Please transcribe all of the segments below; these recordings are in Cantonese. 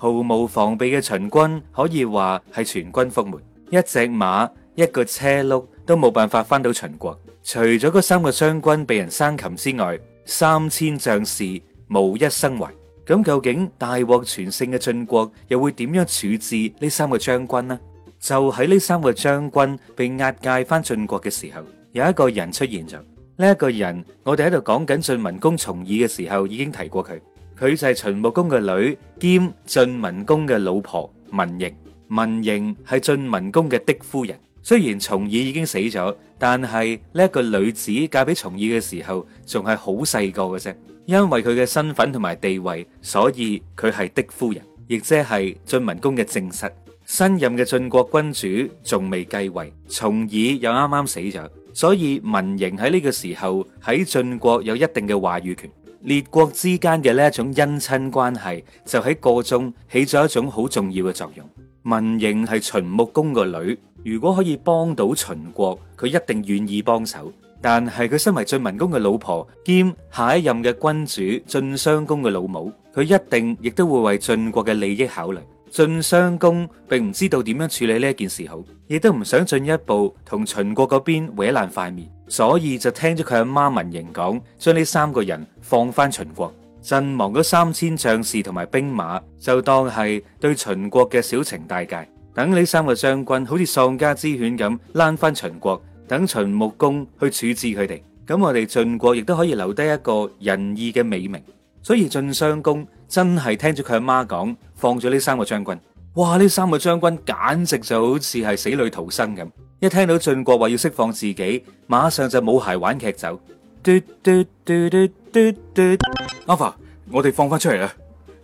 毫無防備嘅秦軍可以話係全軍覆沒，一隻馬一個車轆都冇辦法翻到秦國。除咗嗰三個將軍被人生擒之外，三千將士無一生還。咁究竟大獲全勝嘅晉國又會點樣處置呢三個將軍呢？就喺呢三個將軍被押解翻晉國嘅時候，有一個人出現咗。呢、這、一個人，我哋喺度講緊晉文公重耳嘅時候已經提過佢。佢就係秦穆公嘅女兼晉文公嘅老婆文嬴，文嬴係晉文公嘅嫡夫人。雖然重耳已經死咗，但係呢一個女子嫁俾重耳嘅時候仲係好細個嘅啫。因為佢嘅身份同埋地位，所以佢係嫡夫人，亦即係晉文公嘅正室。新任嘅晉國君主仲未繼位，重耳又啱啱死咗，所以文嬴喺呢個時候喺晉國有一定嘅話語權。列國之間嘅呢一種姻親關係，就喺個中起咗一種好重要嘅作用。文嬴係秦穆公個女，如果可以幫到秦國，佢一定願意幫手。但係佢身為晉文公嘅老婆兼下一任嘅君主晉襄公嘅老母，佢一定亦都會為晉國嘅利益考慮。晉襄公並唔知道點樣處理呢一件事好，亦都唔想進一步同秦國嗰邊毀爛塊面。所以就聽咗佢阿媽文嬴講，將呢三個人放翻秦國，陣亡咗三千將士同埋兵馬，就當係對秦國嘅小懲大戒。等呢三個將軍好似喪家之犬咁，攆翻秦國，等秦穆公去處置佢哋。咁我哋晉國亦都可以留低一個仁義嘅美名。所以晉襄公真係聽咗佢阿媽講，放咗呢三個將軍。哇！呢三個將軍簡直就好似係死裏逃生咁。一聽到晉國話要釋放自己，馬上就冇鞋玩劇走。Alpha，我哋放翻出嚟啦，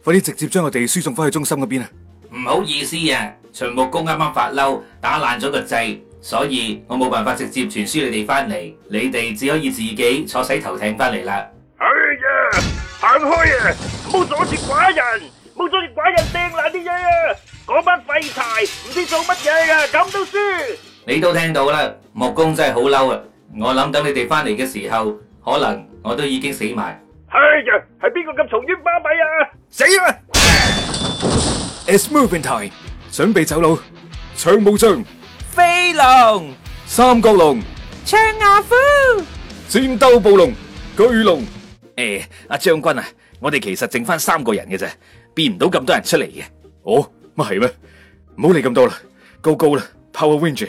快啲直接將我哋輸送翻去中心嗰邊啊！唔好意思啊，秦穆公啱啱發嬲，打爛咗個掣，所以我冇辦法直接傳輸你哋翻嚟，你哋只可以自己坐洗頭艇翻嚟啦。哎呀，行開啊！唔好阻住寡人，唔好阻住寡人掟爛啲嘢啊！嗰班廢柴唔知做乜嘢噶，咁都輸！你都聽到啦，木工真係好嬲啊！我諗等你哋翻嚟嘅時候，可能我都已經死埋。哎呀，係邊個咁嘈喧巴閉啊？死啊！It's moving time，準備走佬。長毛象、飛龍、三角龍、長牙虎、戰鬥暴龍、巨龍。誒，阿將軍啊，我哋其實剩翻三個人嘅啫，變唔到咁多人出嚟嘅。哦，乜係咩？唔好理咁多啦，go go 啦，Power Ranger。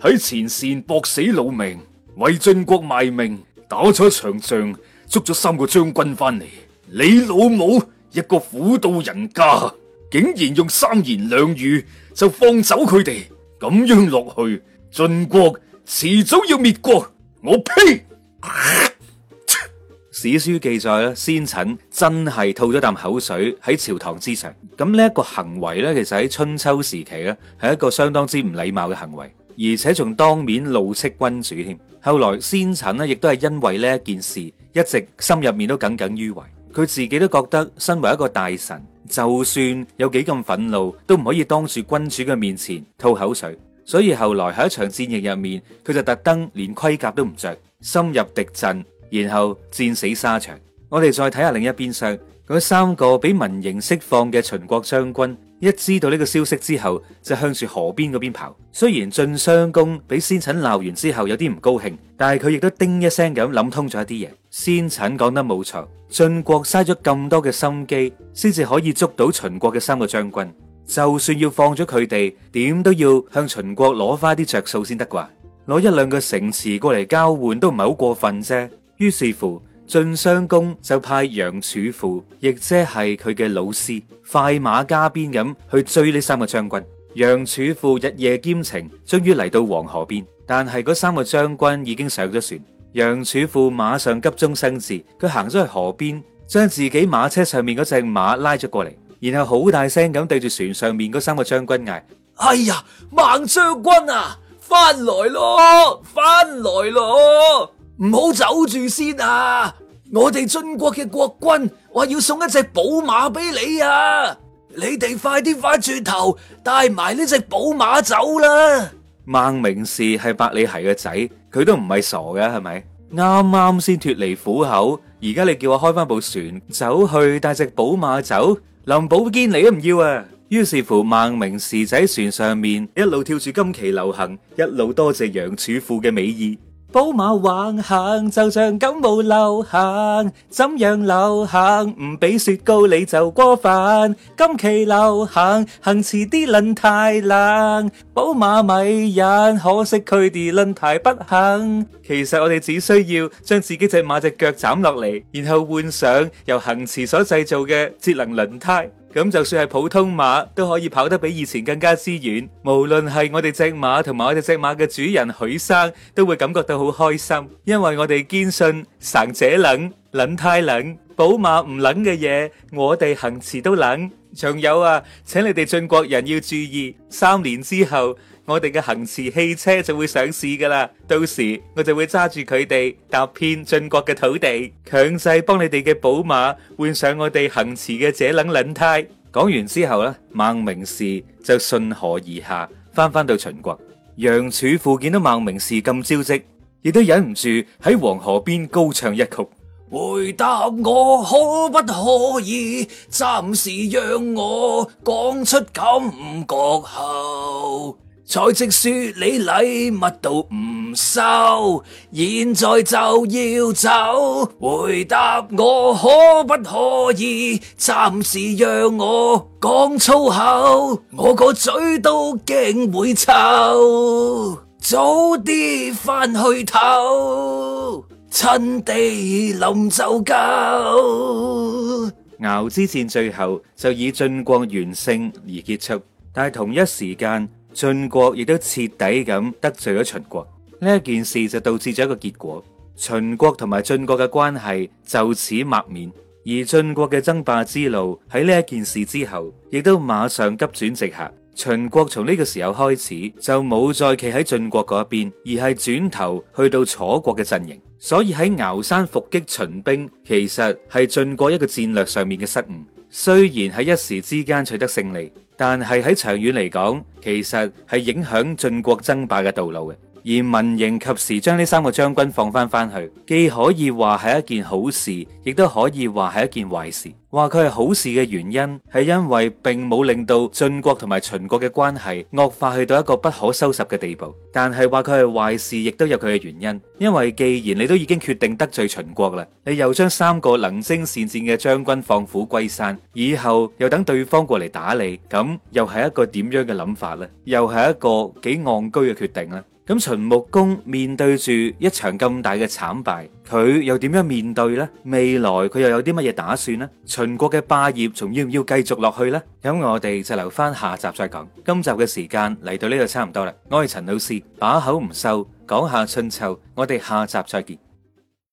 喺前線搏死老命，為晉國賣命，打咗一場仗，捉咗三個將軍翻嚟。你老母一個婦道人家，竟然用三言兩語就放走佢哋，咁樣落去，晉國遲早要滅國。我呸！史書記載咧，先軫真係吐咗啖口水喺朝堂之上。咁呢一個行為咧，其實喺春秋時期咧，係一個相當之唔禮貌嘅行為。而且仲當面怒斥君主添，後來先軫呢亦都係因為呢一件事，一直心入面都耿耿於懷。佢自己都覺得身為一個大臣，就算有幾咁憤怒，都唔可以當住君主嘅面前吐口水。所以後來喺一場戰役入面，佢就特登連盔甲都唔着，深入敵陣，然後戰死沙場。我哋再睇下另一邊廂嗰三個俾文嬴釋放嘅秦國將軍。一知道呢個消息，之後，就向住河邊嗰邊跑。雖然晉襄公俾先軫鬧完之後有啲唔高興，但係佢亦都叮一聲咁諗通咗一啲嘢。先軫講得冇錯，晉國嘥咗咁多嘅心機，先至可以捉到秦國嘅三個將軍。就算要放咗佢哋，點都要向秦國攞翻啲着數先得啩？攞一兩個城池過嚟交換都唔係好過分啫。於是乎。晉襄公就派陽處父，亦即係佢嘅老師，快馬加鞭咁去追呢三個將軍。陽處父日夜兼程，終於嚟到黃河邊，但係嗰三個將軍已經上咗船。陽處父馬上急中生智，佢行咗去河邊，將自己馬車上面嗰隻馬拉咗過嚟，然後好大聲咁對住船上面嗰三個將軍嗌：哎呀，孟將軍啊，翻來咯，翻來咯！唔好走住先啊！我哋晉國嘅國君話要送一隻寶馬俾你啊！你哋快啲返轉頭帶埋呢隻寶馬走啦！孟明視係百里奚嘅仔，佢都唔係傻嘅，係咪？啱啱先脫離虎口，而家你叫我開翻部船走去帶隻寶馬走，林寶堅你都唔要啊！於是乎，孟明視喺船上面一路跳住今期流行，一路多謝楊處父嘅美意。寶馬橫行，就像感冒流行，怎樣流行，唔俾雪糕你就過分。今期流行，行馳啲輪胎冷，寶馬迷人，可惜佢哋輪胎不行。其實我哋只需要將自己隻馬隻腳斬落嚟，然後換上由行馳所製造嘅節能輪胎。咁就算係普通馬都可以跑得比以前更加之遠，無論係我哋隻馬同埋我哋隻馬嘅主人許生都會感覺到好開心，因為我哋堅信神者能，能太能，寶馬唔能嘅嘢，我哋行遲都能。仲有啊，請你哋晉國人要注意，三年之後我哋嘅行馳汽車就會上市㗎喇，到時我就會揸住佢哋踏遍晉國嘅土地，強制幫你哋嘅寶馬換上我哋行馳嘅這冷輪胎。講完之後呢，孟明視就順河而下，返返到秦國。陽處父見到孟明視咁招積，亦都忍唔住喺黃河邊高唱一曲。回答我可不可以暫時讓我講出感覺後？才直說你禮物都唔收，現在就要走。回答我可不可以暫時讓我講粗口？我個嘴都驚會臭，早啲翻去唞。趁地臨就救。崤之戰最後就以晉國完勝而結束，但係同一時間，晉國亦都徹底咁得罪咗秦國。呢一件事就導致咗一個結果，秦國同埋晉國嘅關係就此陌面，而晉國嘅爭霸之路喺呢一件事之後，亦都馬上急轉直下。秦國從呢個時候開始就冇再企喺晉國嗰一邊，而係轉頭去到楚國嘅陣營，所以喺崤山伏擊秦兵，其實係晉國一個戰略上面嘅失誤。雖然喺一時之間取得勝利，但係喺長遠嚟講，其實係影響晉國爭霸嘅道路嘅。而文嬴及時將呢三個將軍放翻翻去，既可以話係一件好事，亦都可以話係一件壞事。話佢係好事嘅原因，係因為並冇令到晉國同埋秦國嘅關係惡化去到一個不可收拾嘅地步。但係話佢係壞事，亦都有佢嘅原因。因為既然你都已經決定得罪秦國啦，你又將三個能征善戰嘅將軍放虎歸山，以後又等對方過嚟打你，咁又係一個點樣嘅諗法呢？又係一個幾戇居嘅決定呢？咁秦穆公面對住一場咁大嘅慘敗，佢又點樣面對呢？未來佢又有啲乜嘢打算呢？秦國嘅霸業仲要唔要繼續落去呢？咁我哋就留翻下集再講。今集嘅時間嚟到呢度差唔多啦，我係陳老師，把口唔收，講下春秋，我哋下集再見。